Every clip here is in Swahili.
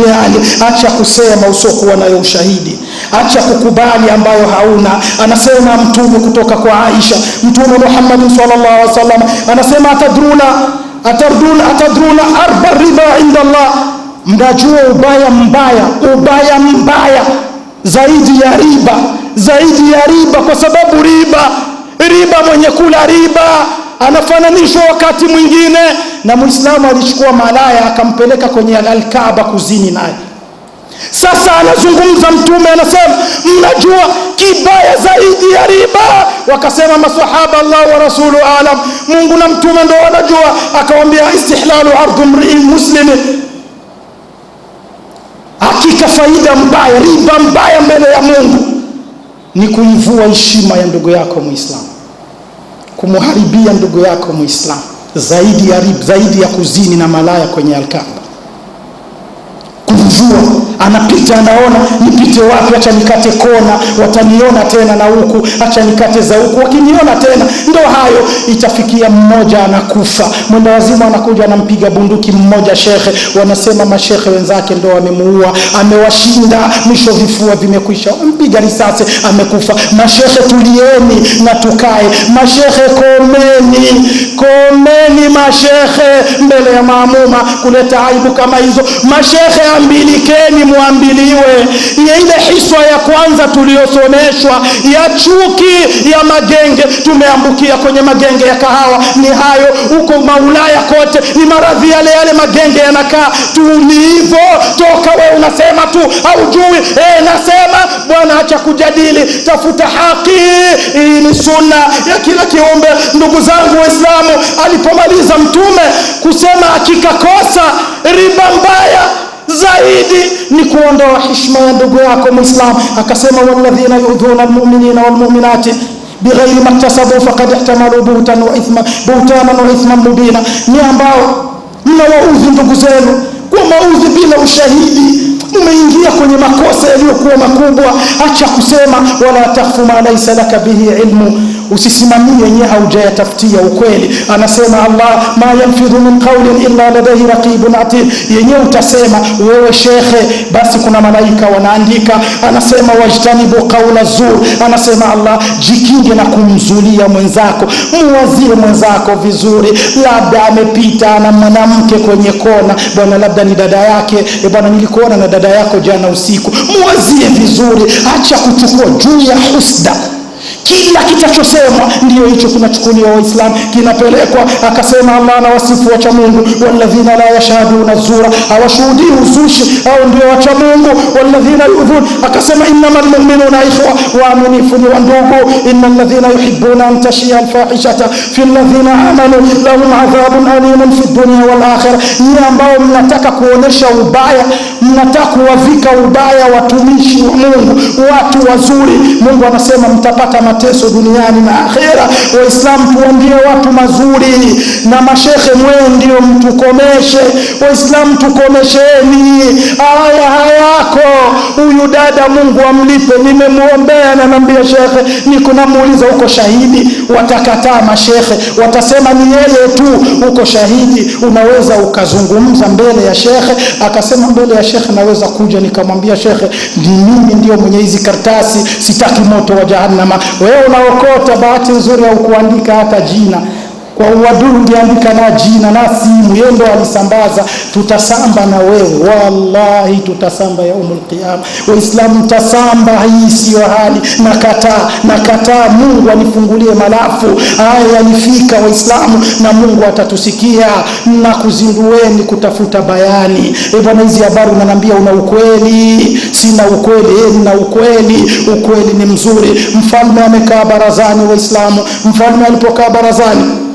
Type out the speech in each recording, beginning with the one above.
Ali, yaani, acha kusema usiokuwa nayo ushahidi, acha kukubali ambayo hauna. Anasema mtume kutoka kwa Aisha, Mtume Muhammad sallallahu alaihi wasallam anasema atadruna, atadruna, atadruna arba riba inda Allah, mnajua ubaya mbaya, ubaya mbaya zaidi ya riba, zaidi ya riba, kwa sababu riba, riba, mwenye kula riba anafananishwa wakati mwingine na Muislamu alichukua malaya akampeleka kwenye Alkaaba kuzini naye. Sasa anazungumza Mtume anasema, mnajua kibaya zaidi ya riba? Wakasema masahaba, Allah wa rasulu alam, Mungu na Mtume ndo wanajua. Akawambia istihlalu ardhu mrii muslimin, hakika faida mbaya, riba mbaya mbele ya Mungu ni kuivua heshima ya ndugu yako Muislamu kumuharibia ndugu yako Muislamu zaidi ya, zaidi ya kuzini na malaya kwenye alkaba, kuvua anapita anaona, nipite wapi? Acha nikate kona, wataniona tena na huku, acha nikate za huku, wakiniona tena. Ndo hayo, itafikia mmoja anakufa. Mwenda wazimu anakuja anampiga bunduki mmoja shekhe, wanasema mashekhe wenzake ndo amemuua, amewashinda, mwisho vifua vimekwisha, wamempiga risasi, amekufa. Mashekhe tulieni na tukae, mashekhe komeni Komeni mashehe mbele ya maamuma kuleta aibu kama hizo. Mashehe ambilikeni, muambiliwe ya ile hiswa ya kwanza tuliyosomeshwa ya chuki ya magenge. Tumeambukia kwenye magenge ya kahawa, ni hayo huko Maulaya kote, ni maradhi yale yale magenge yanakaa. toka we unasema tu haujui. E, nasema bwana, acha kujadili, tafuta haki. Hii ni sunna ya kila kiumbe, ndugu zangu Waislamu alipomaliza Mtume kusema hakika kosa riba mbaya zaidi ni kuondoa heshima ya ndugu yako Muislamu, akasema walladhina yudhuna almu'minina walmu'minati bighairi maktasabu faqad ihtamalu buhtan wa ithma buhtanan wa ithman mubina, ni ambao mnawaudhi ndugu zenu kwa maudhi bila ushahidi umeingia kwenye makosa yaliyokuwa makubwa. Acha kusema wala tahfu ma laysa laka bihi ilmu usisimamie yenyewe haujayatafutia ukweli. Anasema Allah, ma yanfidhu min qawlin illa ladayhi raqibun atid, yenyewe utasema wewe shekhe, basi kuna malaika wanaandika. Anasema wajtanibu qawla zur, anasema Allah, jikinge na kumzulia mwenzako, muwazie mwenzako vizuri, labda amepita na mwanamke kwenye kona, bwana, labda ni dada yake, e bwana, nilikuona na dada yako jana usiku. Muwazie vizuri, acha kuchukua juu ya husda kila kitachosema ndio hicho kinachukuliwa. Waislam, kinapelekwa akasema, Allah na wasifu wacha Mungu, walladhina la yashhaduna zura, hawashuhudii uzushi au ndio wacha Mungu. Walladhina yu'dhun, akasema innamal mu'minuna ikhwa, waaminifu ni wandugu. Inna alladhina yuhibbuna an tashia alfahishata fi alladhina amanu lahum adhabun alimun fi dunya wal akhirah, ni ambao mnataka kuonesha ubaya, mnataka kuwavika ubaya watumishi wa Mungu, watu wazuri. Mungu anasema mtapata watapata mateso duniani na akhera. Waislamu, tuambie watu mazuri, na mashekhe mwe ndio mtukomeshe. Waislamu tukomesheni haya hayako. Huyu dada, Mungu amlipe, nimemwombea na namwambia shekhe, niko namuuliza uko shahidi? Watakataa mashekhe, watasema ni yeye tu. Uko shahidi? Unaweza ukazungumza mbele ya shekhe? Akasema mbele ya shekhe naweza kuja. Nikamwambia shekhe, ni mimi ndio mwenye hizi kartasi sitaki moto wa jahannama. Wewe unaokota, bahati nzuri haukuandika hata jina, kwa uadui ndiandika na jina na simu yendo alisambaza, tutasamba na wewe, wallahi tutasamba umul qiyama. Waislamu tasamba, hii siyo hali. Nakataa, nakataa. Mungu anifungulie malafu haya yalifika Waislamu, na Mungu atatusikia na kuzindueni kutafuta bayani. E bwana, hizi habari unanambia una ukweli? Sina ukweli. E, nina ukweli, ukweli ni mzuri. Mfalme amekaa barazani, Waislamu. Mfalme alipokaa barazani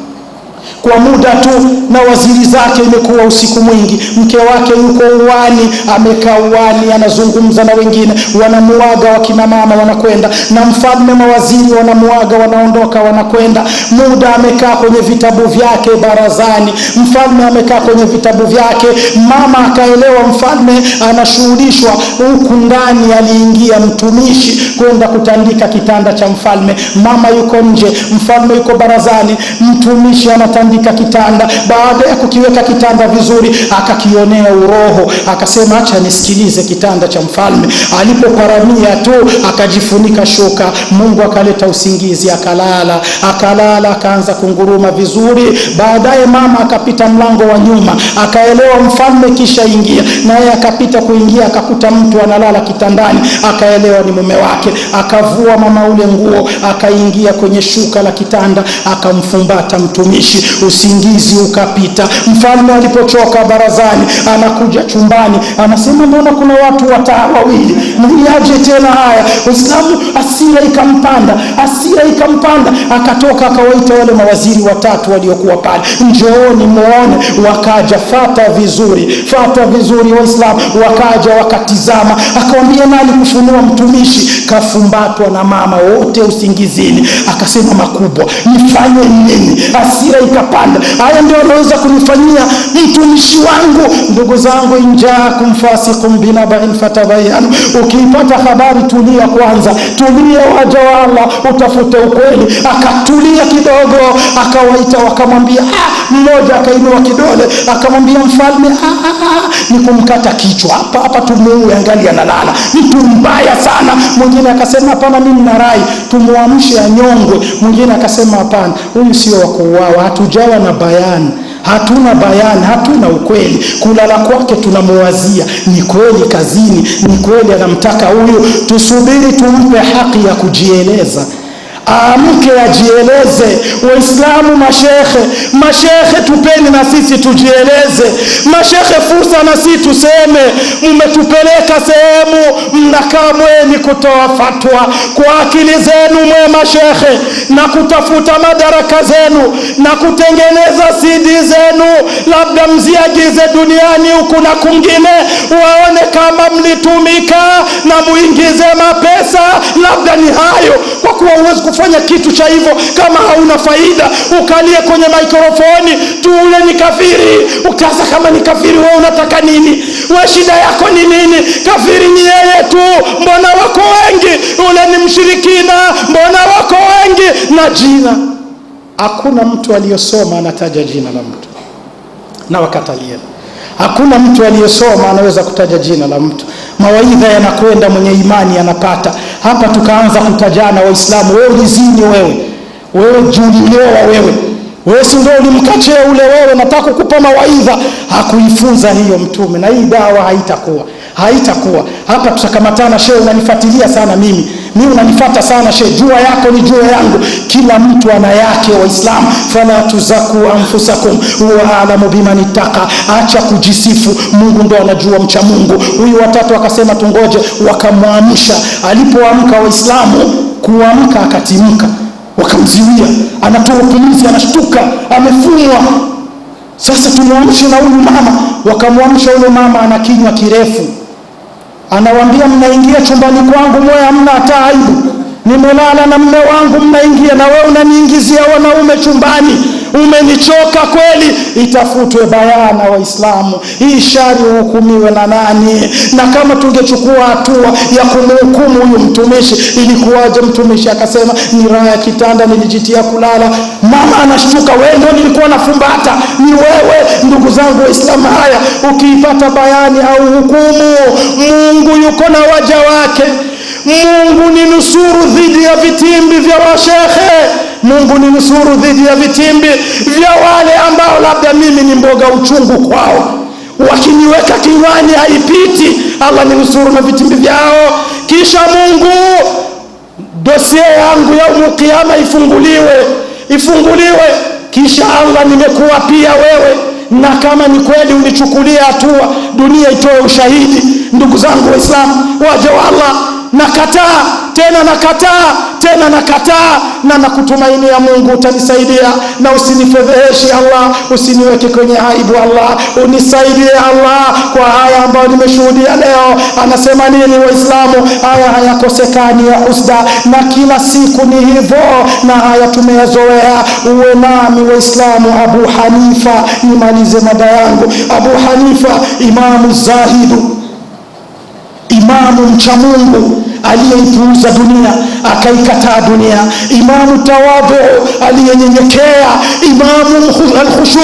kwa muda tu na waziri zake, imekuwa usiku mwingi. Mke wake yuko uwani amekaa uwani anazungumza na wengine, wanamuaga wakina mama, wanakwenda na mfalme, mawaziri wanamuaga, wanaondoka, wanakwenda. Muda amekaa kwenye vitabu vyake barazani, mfalme amekaa kwenye vitabu vyake. Mama akaelewa mfalme anashughulishwa huku ndani, aliingia mtumishi kwenda kutandika kitanda cha mfalme. Mama yuko nje, mfalme yuko barazani, mtumishi anatandika akatandika kitanda. Baada ya kukiweka kitanda vizuri, akakionea uroho, akasema acha nisikilize kitanda cha mfalme. Alipoparamia tu akajifunika shuka, Mungu akaleta usingizi, akalala, akalala, akaanza kunguruma vizuri. Baadaye mama akapita mlango wa nyuma, akaelewa mfalme kisha ingia, naye akapita kuingia, akakuta mtu analala kitandani, akaelewa ni mume wake. Akavua mama ule nguo, akaingia kwenye shuka la kitanda, akamfumbata mtumishi usingizi ukapita. Mfalme alipotoka barazani, anakuja chumbani, anasema mbona kuna watu wataa wawili, niaje tena haya? Uislamu, asira ikampanda, asira ikampanda, akatoka akawaita wale mawaziri watatu waliokuwa pale, njooni muone. Wakaja, fata vizuri, fata vizuri Waislamu, wakaja wakatizama, akawambia nani kufunua mtumishi? Kafumbatwa na mama, wote usingizini. Akasema makubwa, nifanye nini? asira ika kupanda. Haya ndio anaweza kunifanyia mtumishi wangu. Ndugu zangu, injaakum fasiqun binabain fatabayanu, ukiipata habari tulia kwanza, tulia, waja wa Allah utafute ukweli. Akatulia kidogo, akawaita wakamwambia, ah! mmoja akainua kidole akamwambia mfalme, ah, ah, ni kumkata kichwa hapa hapa, tumuue angali analala, mtu mbaya sana. Mwingine akasema hapana, mimi na rai, tumuamshe anyongwe. Mwingine akasema hapana, huyu sio wa kuuawa, hatuja hatujawa na bayani hatuna bayani hatuna ukweli. Kulala kwake tunamuwazia, ni kweli kazini, ni kweli anamtaka huyu, tusubiri tumpe haki ya kujieleza. Aamke ajieleze. Waislamu mashekhe, mashekhe, tupeni na sisi tujieleze. Mashekhe, fursa na sisi tuseme. Mmetupeleka sehemu mnakaa mweni kutoa fatwa, kwa akili zenu mwe mashekhe, na kutafuta madaraka zenu na kutengeneza sidi zenu, labda mziagize duniani huku na kungine waone kama mlitumika na muingize mapesa, labda ni hayo kuwa huwezi kufanya kitu cha hivyo kama hauna faida. Ukalie kwenye tu ule ni kafiri, ukaza kama ni kafiri. Wewe unataka nini? We shida yako ni nini? Kafiri ni yeye tu, mbona wako wengi? Ule ni mshirikina, mbona wako wengi? Na jina, hakuna mtu aliyosoma anataja jina la mtu na wakatalia Hakuna mtu aliyesoma anaweza kutaja jina la mtu. Mawaidha yanakwenda, mwenye imani anapata. Hapa tukaanza kutajana Waislamu, wewe ulizini, wewe wewe julioa, wewe wewe si ndio ulimkachee ule, wewe nataka kukupa mawaidha. Hakuifunza hiyo Mtume, na hii dawa haitakuwa haitakuwa. Hapa tutakamatana. Shehe, unanifuatilia sana mimi mimi unanifuata sana shehe, jua yako ni jua yangu, kila mtu ana yake. Waislamu, fala tuzaku anfusakum huwa alamu biman acha kujisifu, Mungu ndo anajua mcha Mungu. Huyu watatu akasema tungoje, wakamwamsha. Alipoamka Waislamu, kuamka akatimka, wakamziwia, anatoa upumuzi, anashtuka, amefunwa. Sasa tumwamshe na huyu mama. Wakamwamsha yule mama, ana kinywa kirefu Anawaambia, mnaingia chumbani kwangu mwe hamna hata aibu, nimelala na mme wangu mnaingia, na wewe unaniingizia wanaume chumbani umenichoka kweli, itafutwe bayana Waislamu, hii shari uhukumiwe na nani? Na kama tungechukua hatua ya kumhukumu huyu mtumishi, ilikuwaje? Mtumishi akasema ni raha ya kitanda, nilijitia kulala. Mama anashtuka, wewe ndio nilikuwa nafumbata, ni wewe. Ndugu zangu Waislamu, haya ukiipata bayani au hukumu, Mungu yuko na waja wake. Mungu ni nusuru dhidi ya vitimbi vya washehe Mungu ni nusuru dhidi ya vitimbi vya wale ambao labda mimi ni mboga uchungu kwao, wakiniweka kinywani haipiti. Allah ni nusuru na vitimbi vyao. Kisha Mungu, dosia yangu ya umukiama ifunguliwe, ifunguliwe. Kisha Allah, nimekuwa pia wewe, na kama ni kweli unichukulia hatua, dunia itoe ushahidi. Ndugu zangu Waislamu, waja wa Allah nakataa tena, nakataa tena, nakataa na nakutumainia Mungu utanisaidia, na usinifedheheshi Allah, usiniweke kwenye aibu Allah, unisaidie Allah kwa haya ambayo nimeshuhudia leo. Anasema nini Waislamu? Haya hayakosekani ya usda, na kila siku ni hivyo, na haya tumeyazoea. Uwe nami Waislamu. Abu Hanifa, nimalize mada yangu. Abu Hanifa imamu zahidu imamu mcha Mungu aliyeipuuza dunia akaikataa dunia, imamu tawadhu aliyenyenyekea, imamu alkhushu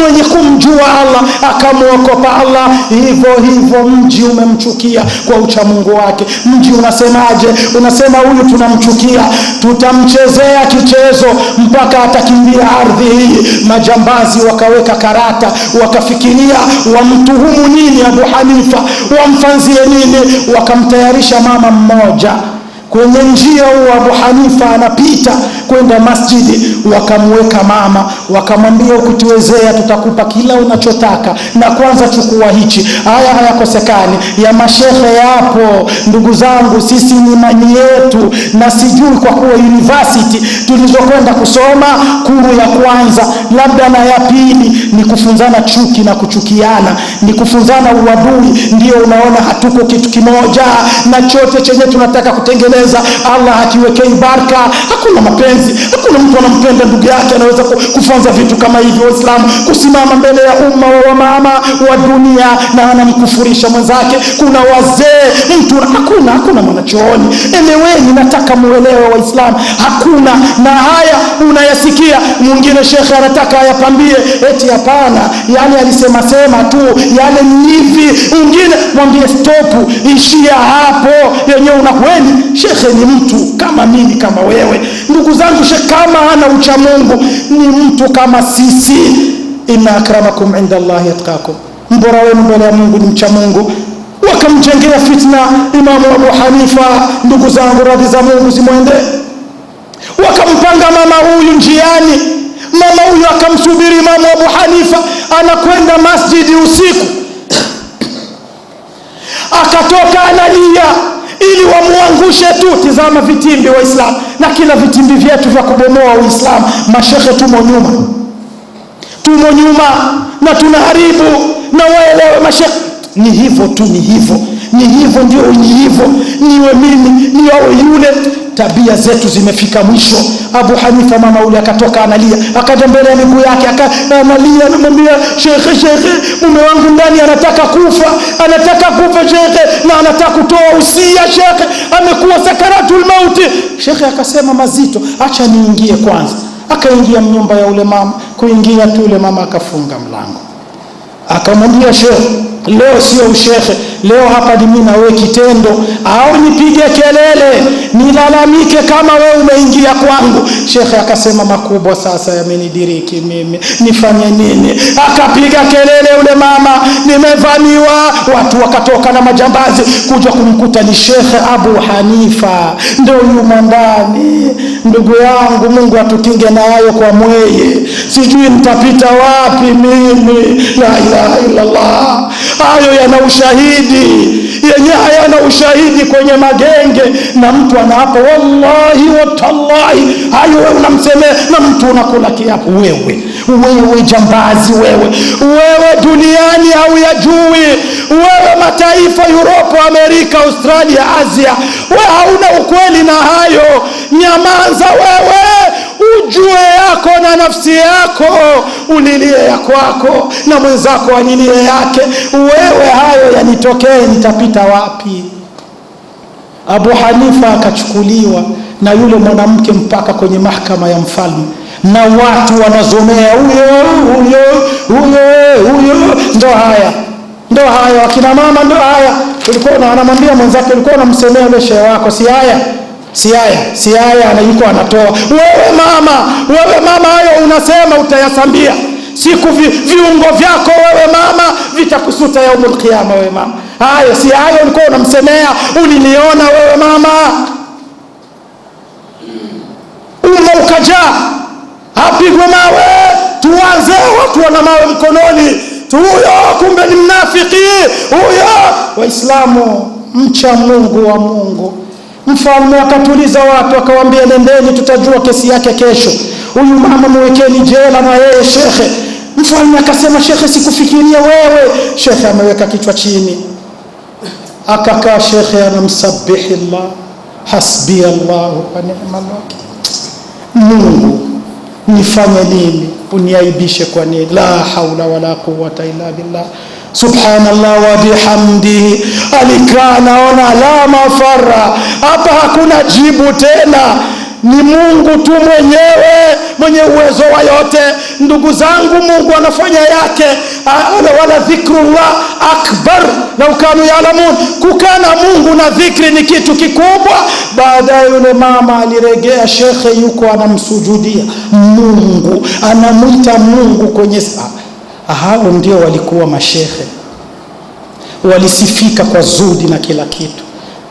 mwenye kumjua Allah akamwokopa Allah. Hivyo hivyo mji umemchukia kwa uchamungu wake. Mji unasemaje? Unasema huyu tunamchukia, tutamchezea kichezo mpaka atakimbia ardhi hii. Majambazi wakaweka karata, wakafikiria wamtuhumu nini Abu Hanifa, wamfanzie nini, wakamtayarisha mama mmoja moja kwenye njia huo Abu Hanifa anapita kwenda masjidi, wakamweka mama, wakamwambia ukutuwezea tutakupa kila unachotaka, na kwanza chukua hichi. Haya hayakosekani, ya mashehe yapo. Ndugu zangu, sisi ni imani yetu, na sijui kwa kuwa university tulizokwenda kusoma kuru ya kwanza labda na ya pili ni kufunzana chuki na kuchukiana, ni kufunzana uadui. Ndio unaona hatuko kitu kimoja, na chote chenye tunataka kutengeneza kupendeza. Allah hakiwekei baraka, hakuna mapenzi, hakuna mtu anampenda ndugu yake anaweza kufanza vitu kama hivyo. Waislamu kusimama mbele ya umma wa wamama wa dunia na anamkufurisha mwenzake, kuna wazee mtu, hakuna hakuna mwanachooni. Eleweni, nataka muelewe Waislamu, hakuna na haya unayasikia. Mwingine shekhe anataka ayapambie, eti hapana, yani alisema sema tu, yale ni hivi. Mwingine mwambie stop, ishia hapo, yenyewe unakwenda shekhe ni mtu kama mimi kama wewe, ndugu zangu. Shekhe kama ana ucha Mungu ni mtu kama sisi. Inna akramakum inda Allahi atqakum, mbora wenu mbele ya Mungu ni mcha Mungu. Wakamjengea fitna Imamu Abu Hanifa, ndugu zangu, radhi za Mungu zimwende. Wakampanga mama huyu njiani, mama huyu akamsubiri Imamu Abu Hanifa, anakwenda masjidi usiku, akatoka analia ili wamwangushe tu. Tizama vitimbi Waislamu na kila vitimbi vyetu vya kubomoa Uislamu. Mashehe tumo nyuma, tumo nyuma na tunaharibu, na waelewe mashehe ni hivyo tu, ni hivyo ni hivyo, ndio ni hivyo, niwe mimi niwawe yule tabia zetu zimefika mwisho. Abu Hanifa mama ule akatoka analia, akaja mbele ya miguu yake analia, anamwambia shekhe, shekhe, mume wangu ndani anataka kufa, anataka kufa shekhe, na anataka kutoa usia shekhe, amekuwa sakaratul mauti. Shekhe akasema mazito, acha niingie kwanza. Akaingia nyumba ya ule mama, kuingia tu ule mama akafunga mlango, akamwambia shekhe, leo sio ushekhe Leo hapa ni mimi na wewe, kitendo au nipige kelele nilalamike kama wewe umeingia kwangu? Shekhe akasema makubwa sasa yamenidiriki mimi, nifanye nini? Akapiga kelele ule mama, nimevamiwa. Watu wakatoka na majambazi kuja kumkuta ni Shekhe Abu Hanifa, ndio yuma ndani. Ndugu yangu, Mungu atukinge na hayo kwa mweye, sijui nitapita wapi mimi. La ilaha illallah, hayo yana ushahidi ushahidi, yenye hayana ushahidi kwenye magenge, na mtu anaapa wallahi watallahi, hayo wewe unamsemea, na mtu unakula kiapo wewe. Wewe jambazi wewe, wewe duniani au hauyajui wewe, mataifa Uropa, Amerika, Australia, Asia, wewe hauna ukweli na hayo. Nyamaza wewe nafsi yako ulilie ya kwako na mwenzako alilie yake. Wewe hayo yanitokee, nitapita wapi? Abu Hanifa akachukuliwa na yule mwanamke mpaka kwenye mahakama ya mfalme, na watu wanazomea huyo huyo huyo huyo. Ndo haya ndo haya, wakina mama ndo haya. Ulikuwa unamwambia mwenzako, ulikuwa unamsemea yule shehe wako, si haya Siaya, Siaya yuko anatoa. Wewe mama, wewe mama, hayo unasema utayasambia siku vi, viungo vyako wewe mama vitakusuta yaumulkiama kiyama. Wewe mama, hayo siaya hayo ulikuwa unamsemea, uliniona wewe mama, umma ukajaa, apigwe mawe, tuanze watu wana mawe mkononi huyo kumbe ni mnafiki huyo. Waislamu, mcha Mungu wa Mungu Mfalme akatuliza watu akawaambia, nendeni, tutajua kesi yake kesho. Huyu mama mwekeni jela na yeye shekhe. Mfalme akasema, shekhe, sikufikiria wewe. Shekhe ameweka kichwa chini, akakaa shekhe anamsabihi Allah, hasbi Allahu wa ni'mal wakil. Mungu nifanye nini? Uniaibishe kwa nini? La haula wala quwwata illa billah. Subhanallah wa alikaa anaona la mafara, hapa hakuna jibu tena, ni Mungu tu mwenyewe mwenye uwezo wa yote. Ndugu zangu, Mungu anafanya yake. Ah, wala dhikrullah akbar lau kanu yalamun, kukaa na Mungu na dhikri ni kitu kikubwa. Baadaye yule mama aliregea, shekhe yuko anamsujudia Mungu, anamwita Mungu kwenye saa hao ndio walikuwa mashehe, walisifika kwa zudi na kila kitu.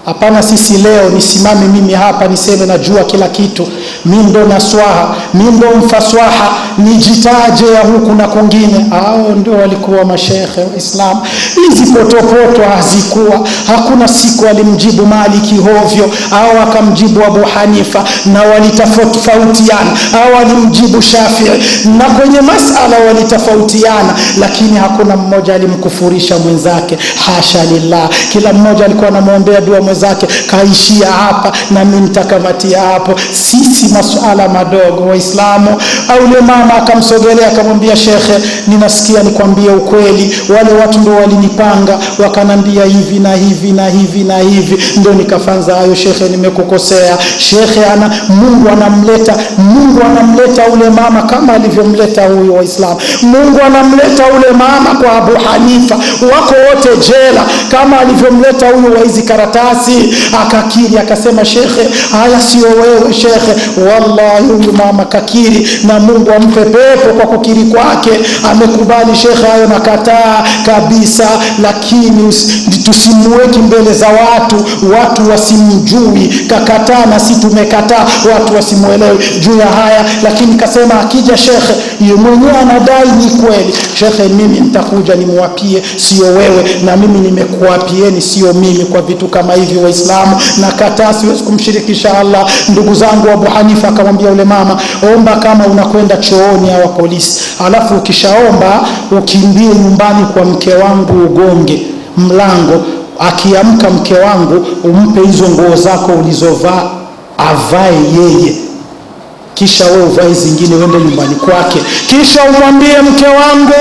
Hapana, sisi leo nisimame mimi hapa niseme najua kila kitu, mi ndo naswaha, mi ndo mfaswaha, nijitaje ya huku na kwingine. Hao ndio walikuwa mashekhe wa Islam. Hizi potopoto hazikuwa, hakuna siku alimjibu Maliki hovyo au akamjibu Abu Hanifa, na walitofautiana au alimjibu Shafii, na kwenye masala walitofautiana, lakini hakuna mmoja alimkufurisha mwenzake. Hasha lillah, kila mmoja alikuwa anamwombea dua mfano zake kaishia hapa, nami nitakamatia hapo. Sisi masuala madogo, Waislamu. Au yule mama akamsogelea akamwambia, shekhe, ninasikia nikwambie ukweli, wale watu ndio walinipanga wakanambia hivi na hivi na hivi na hivi, ndio nikafanza hayo. Shekhe, nimekukosea. Shekhe ana Mungu anamleta Mungu anamleta ule mama kama alivyomleta huyu Waislamu. Mungu anamleta ule mama kwa Abu Hanifa, wako wote jela, kama alivyomleta huyu wa hizi karatasi basi akakiri akasema, shekhe, haya sio wewe shekhe. Wallahi, huyu mama kakiri, na Mungu ampe pepo kwa kukiri kwake, amekubali shekhe hayo, nakataa kabisa, lakini tusimweki mbele za watu, watu wasimjui. Kakataa na si tumekataa, watu wasimwelewe juu ya haya, lakini kasema akija shekhe mwenyewe anadai ni kweli, shekhe, mimi nitakuja nimwapie, sio wewe, na mimi nimekuwapieni, sio mimi, kwa vitu kama hivi hivi Waislamu, na kataa, siwezi kumshirikisha Allah. Ndugu zangu, Abu Hanifa akamwambia yule mama, omba kama unakwenda chooni au polisi, alafu ukishaomba ukimbie nyumbani kwa mke wangu ugonge mlango, akiamka mke wangu umpe hizo nguo zako ulizovaa avae yeye kisha wewe uvae zingine uende nyumbani kwake, kisha umwambie mke wangu,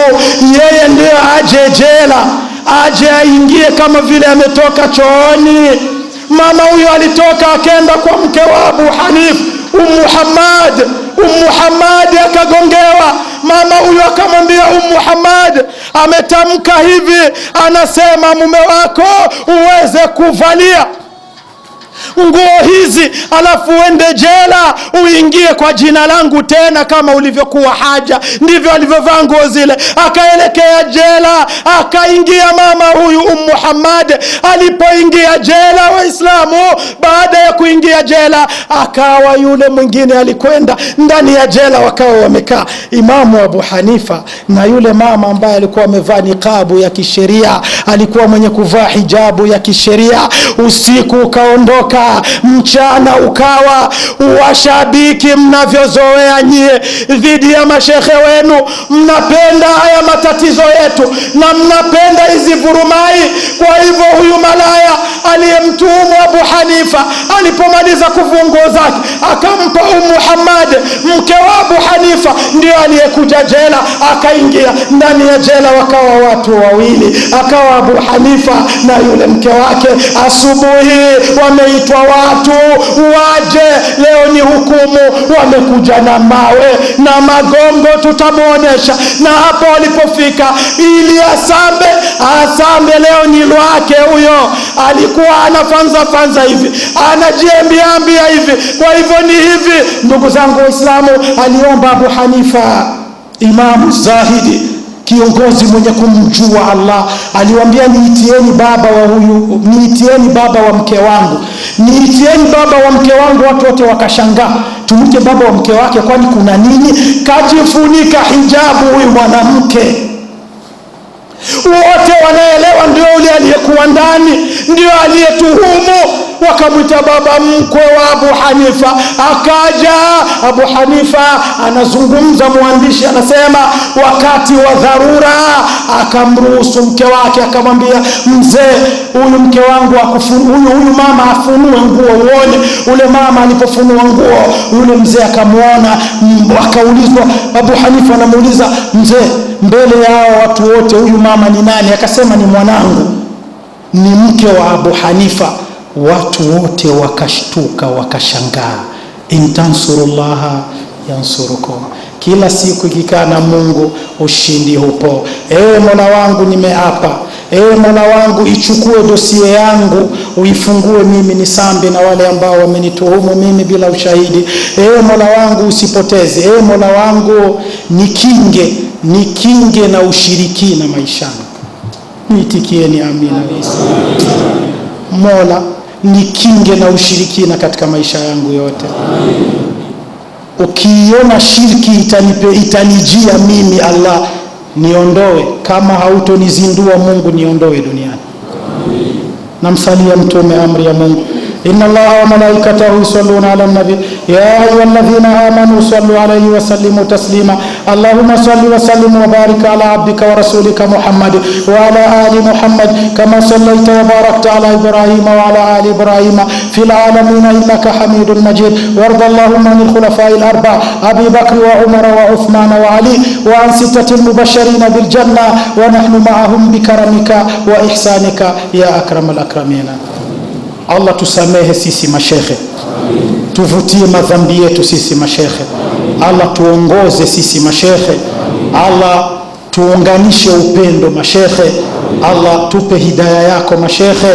yeye ndiye aje jela aje aingie kama vile ametoka chooni. Mama huyo alitoka akenda kwa mke wa Abu Hanif, Ummu Hamad. Ummu Hamad akagongewa. Mama huyo akamwambia Ummu Hamad ametamka hivi, anasema mume wako uweze kuvalia nguo hizi, alafu uende jela uingie kwa jina langu tena, kama ulivyokuwa haja. Ndivyo alivyovaa nguo zile, akaelekea jela, akaingia mama huyu umuhammad umm Alipoingia jela, Waislamu baada ya kuingia jela akawa yule mwingine alikwenda ndani ya jela, wakawa wamekaa Imamu Abu Hanifa na yule mama ambaye alikuwa amevaa niqabu ya kisheria, alikuwa mwenye kuvaa hijabu ya kisheria. Usiku ukaondoka, mchana ukawa washabiki mnavyozoea nyie dhidi ya mashehe wenu. Mnapenda haya matatizo yetu na mnapenda hizi vurumai. Kwa hivyo huyu malaya aliyemtumwa Abu Hanifa alipomaliza kufungua nguo zake, akampa Umu Hamad mke wa Abu Hanifa, ndio aliyekuja jela, akaingia ndani ya jela, wakawa watu wawili, akawa Abu Hanifa na yule mke wake. Asubuhi wameitwa watu waje, leo ni hukumu. Wamekuja na mawe na magongo, tutamwonyesha. Na hapo walipofika ili asa Asambe leo ni lwake huyo, alikuwa anafanza fanza hivi anajiambiambia hivi, kwa hivyo ni hivi. Ndugu zangu Waislamu, aliomba Abu Hanifa Imamu Zahidi, kiongozi mwenye kumjua Allah, aliwaambia niitieni baba wa huyu, niitieni baba wa mke wangu, niitieni baba wa mke wangu. Watu wote wakashangaa, tumke baba wa mke wake, kwani kuna nini? Kajifunika hijabu huyu mwanamke wote wanaelewa, ndio yule aliyekuwa ndani, ndio aliyetuhumu wakamwita baba mkwe wa Abu Hanifa. Akaja Abu Hanifa, anazungumza mwandishi, anasema wakati wa dharura akamruhusu mke wake, akamwambia mzee, huyu mke wangu huyu huyu mama afunue nguo uone. Ule mama alipofunua nguo, yule mzee akamwona, akaulizwa, Abu Hanifa anamuuliza mzee, mbele yao watu wote, huyu mama ni nani? Akasema ni mwanangu, ni mke wa Abu Hanifa watu wote wakashtuka, wakashangaa. intansurullaha yansurukum, kila siku ikikaa na Mungu ushindi hupo. Ewe Mola wangu nimeapa, ewe Mola wangu ichukue dosie yangu uifungue, mimi ni sambi na wale ambao wamenituhumu mimi bila ushahidi. Ewe Mola wangu usipoteze, ewe Mola wangu nikinge, nikinge na ushirikina maishani. Niitikieni amina. Mola nikinge na ushirikina katika maisha yangu yote. Ukiiona shirki itanipe, itanijia mimi Allah niondoe, kama hautonizindua Mungu niondoe duniani. Namsalia mtume amri ya Mungu إن الله وملائكته يصلون على النبي يا أيها الذين آمنوا صلوا عليه وسلموا تسليما اللهم صل وسلم وبارك على عبدك ورسولك محمد وعلى آل محمد كما صليت وباركت على إبراهيم وعلى آل إبراهيم في العالمين إنك حميد مجيد وارض اللهم عن الخلفاء الأربعة أبي بكر وعمر وعثمان وعلي وعن ستة المبشرين بالجنة ونحن معهم بكرمك وإحسانك يا أكرم الأكرمين Allah tusamehe sisi mashekhe, tuvutie madhambi yetu sisi mashekhe. Allah tuongoze sisi mashekhe. Allah tuunganishe upendo mashekhe. Allah tupe hidaya yako mashekhe.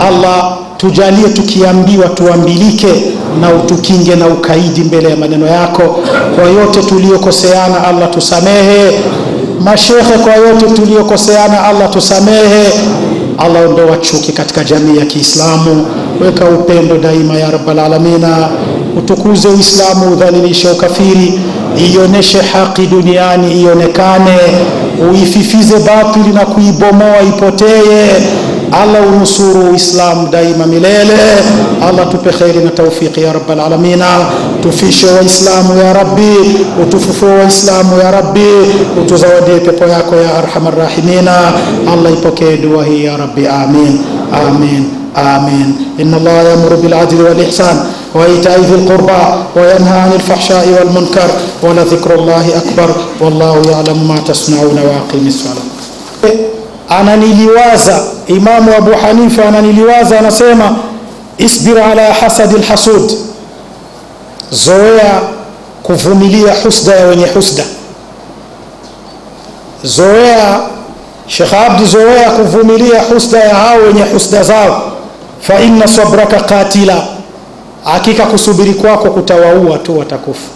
Allah tujalie tukiambiwa tuambilike, na utukinge na ukaidi mbele ya maneno yako. Kwa yote tuliyokoseana, Allah tusamehe mashekhe. Kwa yote tuliyokoseana, Allah tusamehe Allah, ondoa chuki katika jamii ya Kiislamu, weka upendo daima ya rabbal alamina. Utukuze Uislamu, udhalilishe ukafiri, ionyeshe haki duniani ionekane, uififize batili na kuibomoa ipotee. Allah unusuru Uislamu daima milele. Allah tupe kheri na taufiki ya rabbal alamina. Tufishe Waislamu ya Rabbi, utufufue Waislamu ya Rabbi, utuzawadie pepo yako ya arhamar rahimina. Allah ipokee dua hii ya Rabbi, amin amin آمين إن الله يأمر بالعدل والإحسان وإيتاء ذي القربى وينهى عن الفحشاء والمنكر ولذكر الله أكبر والله يعلم ما تصنعون وأقيم الصلاة ananiliwaza Imamu Abu Hanifa ananiliwaza, anasema isbir ala hasadi lhasud, zoea kuvumilia husda ya wenye husda. Zoea Sheikh Abdi, zoea kuvumilia husda ya hao wenye husda zao. Fa inna sabraka qatila, hakika kusubiri kwako kutawaua tu, watakufa.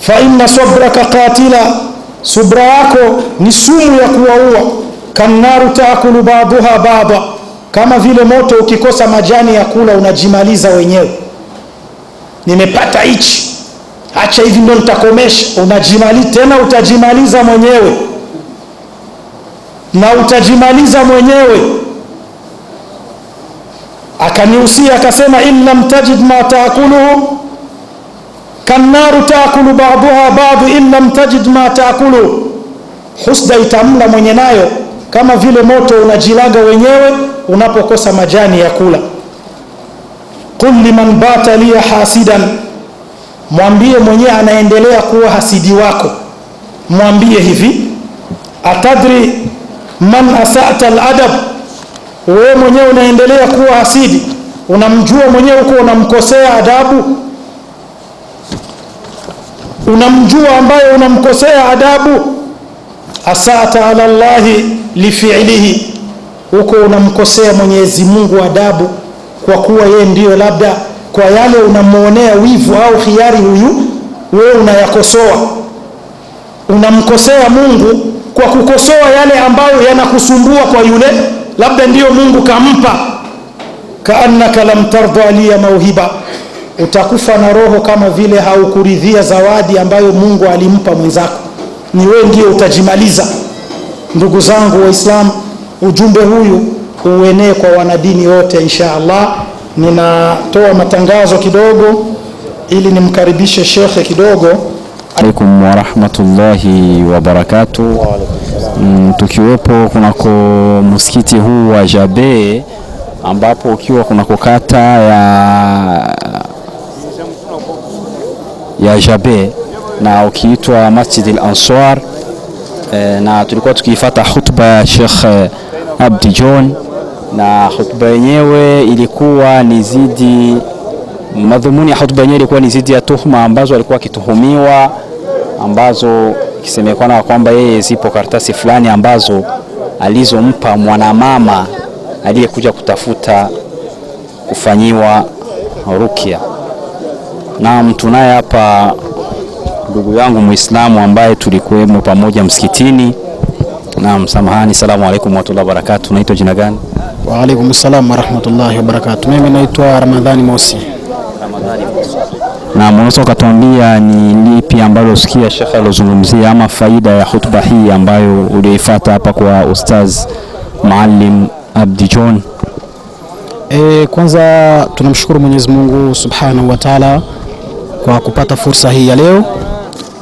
Fa inna sabraka qatila subra yako ni sumu ya kuwaua. Kannaru taakulu ba'daha baba kama vile moto ukikosa majani ya kula unajimaliza wenyewe. Nimepata hichi, acha hivi ndo nitakomesha. Unajimali tena, utajimaliza mwenyewe na utajimaliza mwenyewe. Akaniusia akasema, in lam tajid ma taakuluhu kannaru taakulu ba'daha ba'd in lam tajid ma taakulu, husda itamla mwenye nayo kama vile moto unajilaga wenyewe unapokosa majani ya kula. Qul liman bata liya hasidan, mwambie mwenyewe anaendelea kuwa hasidi wako, mwambie hivi, atadri man asata aladab, wewe mwenyewe unaendelea kuwa hasidi, unamjua mwenyewe uko unamkosea adabu unamjua ambaye unamkosea adabu asata ala llahi lifiilihi, huko unamkosea Mwenyezi Mungu adabu kwa kuwa yeye ndiyo labda kwa yale unamwonea wivu au khiari huyu, wewe unayakosoa. Unamkosea Mungu kwa kukosoa yale ambayo yanakusumbua kwa yule labda ndiyo Mungu kampa. kaannaka lam tarda liya mauhiba utakufa na roho kama vile haukuridhia zawadi ambayo Mungu alimpa mwenzako, ni wewe ndiye utajimaliza. Ndugu zangu Waislamu, ujumbe huyu uenee kwa wanadini wote insha Allah. Ninatoa matangazo kidogo ili nimkaribishe shekhe kidogo. Alaikum warahmatullahi wabarakatuh. Mm, tukiwepo kunako msikiti huu wa Jabe ambapo ukiwa kunako kata ya ya Jabe na ukiitwa Masjid al Answar eh, na tulikuwa tukiifata hutuba ya Sheikh eh, Abdi John na hutuba yenyewe ilikuwa ni zidi, madhumuni ya hutuba yenyewe ilikuwa ni zidi ya tuhuma ambazo alikuwa akituhumiwa, ambazo ikisemekana kwamba yeye zipo karatasi fulani ambazo alizompa mwanamama aliyekuja kutafuta kufanyiwa rukia. Naam, tunaye hapa ndugu yangu Muislamu ambaye tulikuwemo pamoja msikitini. Naam, samahani, salamu alaykum warahmatullahi wabarakatuh. Naitwa jina gani? Wa alaykum salam warahmatullahi wabarakatuh. Mimi naitwa Ramadhani Mosi. Ramadhani Mosi. Naam, unaweza ukatuambia ni lipi ambalo usikia shekhe alozungumzia ama faida ya hutuba hii ambayo uliifuata hapa kwa ustaz Maalim Abdi John? E, kwanza tunamshukuru Mwenyezi Mungu Subhanahu wa Ta'ala kwa kupata fursa hii ya leo,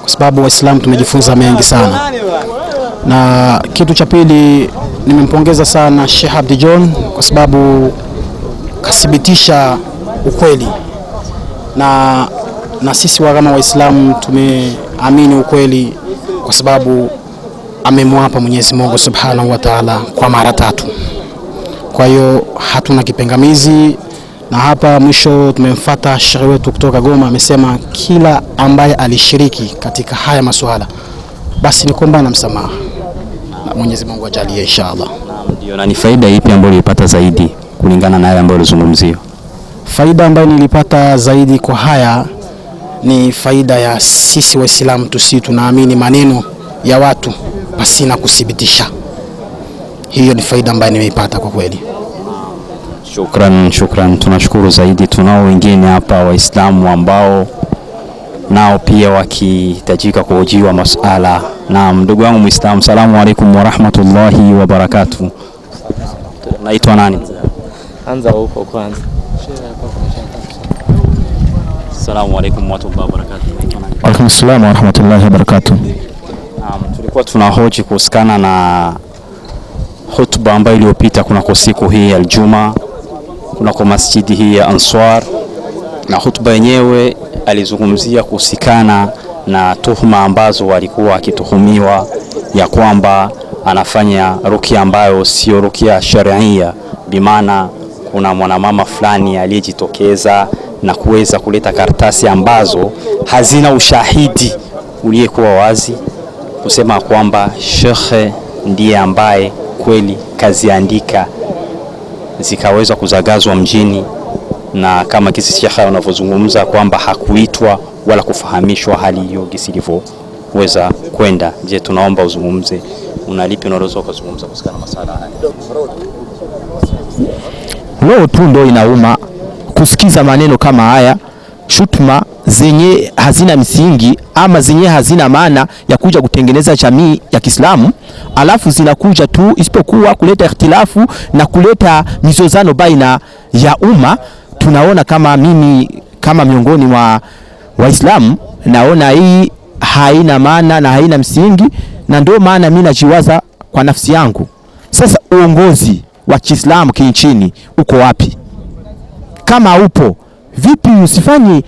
kwa sababu Waislamu tumejifunza mengi sana. Na kitu cha pili, nimempongeza sana Sheikh Abdi John kwa sababu kathibitisha ukweli na, na sisi wa kama Waislamu tumeamini ukweli kwa sababu amemwapa Mwenyezi Mungu Subhanahu wa Ta'ala kwa mara tatu. Kwa hiyo hatuna kipingamizi. Na hapa mwisho tumemfuata shehe wetu kutoka Goma, amesema kila ambaye alishiriki katika haya masuala basi ni kwamba na msamaha na Mwenyezi Mungu ajalie inshallah. Ndio, na ni faida ipi ambayo ulipata zaidi kulingana na yale ambayo ulizungumzia? Faida ambayo nilipata zaidi kwa haya ni faida ya sisi Waislamu tusi tunaamini maneno ya watu pasina kuthibitisha. Hiyo ni faida ambayo nimeipata kwa kweli. Shukran, shukran, tunashukuru zaidi. Tunao wengine hapa Waislamu ambao nao pia wakihitajika kuhojiwa masala. Naam, ndugu yangu Muislamu, salamu alaikum warahmatullahi wabarakatuh. Naitwa nani? Anza huko kwanza. Salamu alaikum warahmatullahi wabarakatuh. Wa alaikum warahmatullahi wabarakatuh. Naam, tulikuwa tunahoji kuhusikana na hotuba ambayo iliyopita kunako siku hii ya Ijumaa kunako masjidi hii ya Answar, na hutuba yenyewe alizungumzia kuhusikana na tuhuma ambazo walikuwa akituhumiwa ya kwamba anafanya rukia ambayo sio rukia sharia, bimaana kuna mwanamama fulani aliyejitokeza na kuweza kuleta karatasi ambazo hazina ushahidi uliyekuwa wazi kusema kwamba shekhe ndiye ambaye kweli kaziandika zikaweza kuzagazwa mjini, na kama kisi shekhe wanavyozungumza kwamba hakuitwa wala kufahamishwa hali hiyo gisi ilivyoweza kwenda. Je, tunaomba uzungumze, unalipi unaloweza ukazungumza kuhusiana na masala haya? Leo tu ndio inauma kusikiza maneno kama haya, shutuma zenye hazina msingi ama zenye hazina maana ya kuja kutengeneza jamii ya Kiislamu, alafu zinakuja tu isipokuwa kuleta ikhtilafu na kuleta mizozano baina ya umma. Tunaona kama mimi kama miongoni mwa Waislamu naona hii haina maana na haina msingi, na ndio maana mimi najiwaza kwa nafsi yangu, sasa uongozi wa Kiislamu kinchini uko wapi? Kama upo vipi usifanye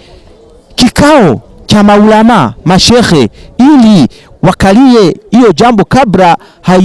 kikao cha maulama mashehe ili wakalie hiyo jambo kabla hai